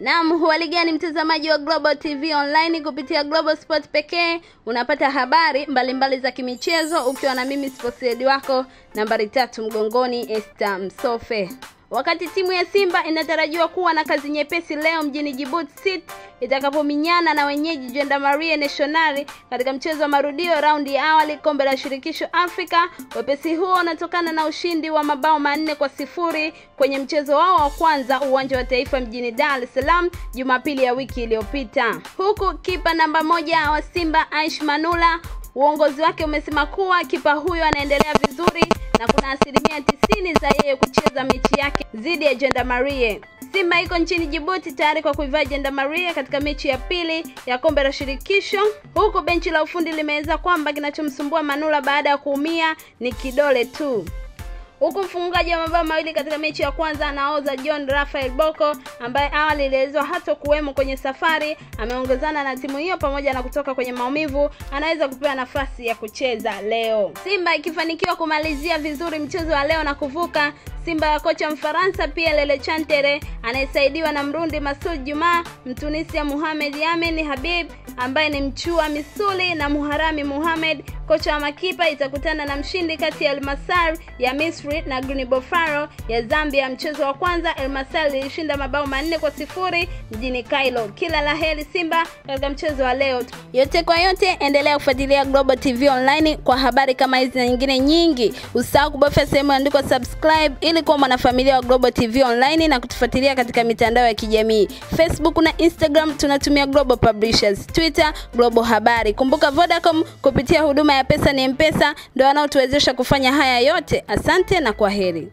Naam, huwali gani mtazamaji wa Global TV Online, kupitia Global Sport pekee unapata habari mbalimbali mbali za kimichezo ukiwa na mimi sports wako nambari tatu mgongoni Esther Msofe wakati timu ya Simba inatarajiwa kuwa na kazi nyepesi leo mjini Djibouti City itakapominyana na wenyeji marie nationali katika mchezo wa marudio raundi ya awali kombe la shirikisho Afrika. Wepesi huo unatokana na ushindi wa mabao manne kwa sifuri kwenye mchezo wao wa kwanza uwanja wa taifa mjini Dar es Salaam Jumapili ya wiki iliyopita, huku kipa namba moja wa Simba Aish Manula, uongozi wake umesema kuwa kipa huyo anaendelea vizuri na kuna asilimia tisini za yeye kucheza mechi yake dhidi ya marie Simba iko nchini Jibuti tayari kwa kuivaa Marie katika mechi ya pili ya kombe la shirikisho, huku benchi la ufundi limeweza kwamba kinachomsumbua Manula baada ya kuumia ni kidole tu huku mfungaji wa mabao mawili katika mechi ya kwanza anaoza John Rafael Boko ambaye awali ilielezwa hata kuwemo kwenye safari, ameongezana na timu hiyo pamoja na kutoka kwenye maumivu, anaweza kupewa nafasi ya kucheza leo. Simba ikifanikiwa kumalizia vizuri mchezo wa leo na kuvuka Simba ya kocha Mfaransa pia lele chantere anayesaidiwa na Mrundi Masud Juma, Mtunisia Mohamed yamen Habib ambaye ni mchua misuli na Muharami Mohamed Kocha wa makipa itakutana na mshindi kati ya elmasar ya Misri na Greenbofaro ya Zambia. Mchezo wa kwanza elmasar ilishinda mabao manne kwa sifuri mjini Cairo. Kila la heri Simba katika mchezo wa leo. Yote kwa yote, endelea kufuatilia Global TV Online kwa habari kama hizi na nyingine nyingi. Usahau kubofya sehemu andiko subscribe ili kuwa mwanafamilia wa Global TV Online na kutufuatilia katika mitandao ya kijamii Facebook na Instagram tunatumia Global Publishers, Twitter Global Habari. Kumbuka Vodacom kupitia huduma ya pesa ni Mpesa ndio wanaotuwezesha kufanya haya yote. Asante na kwa heri.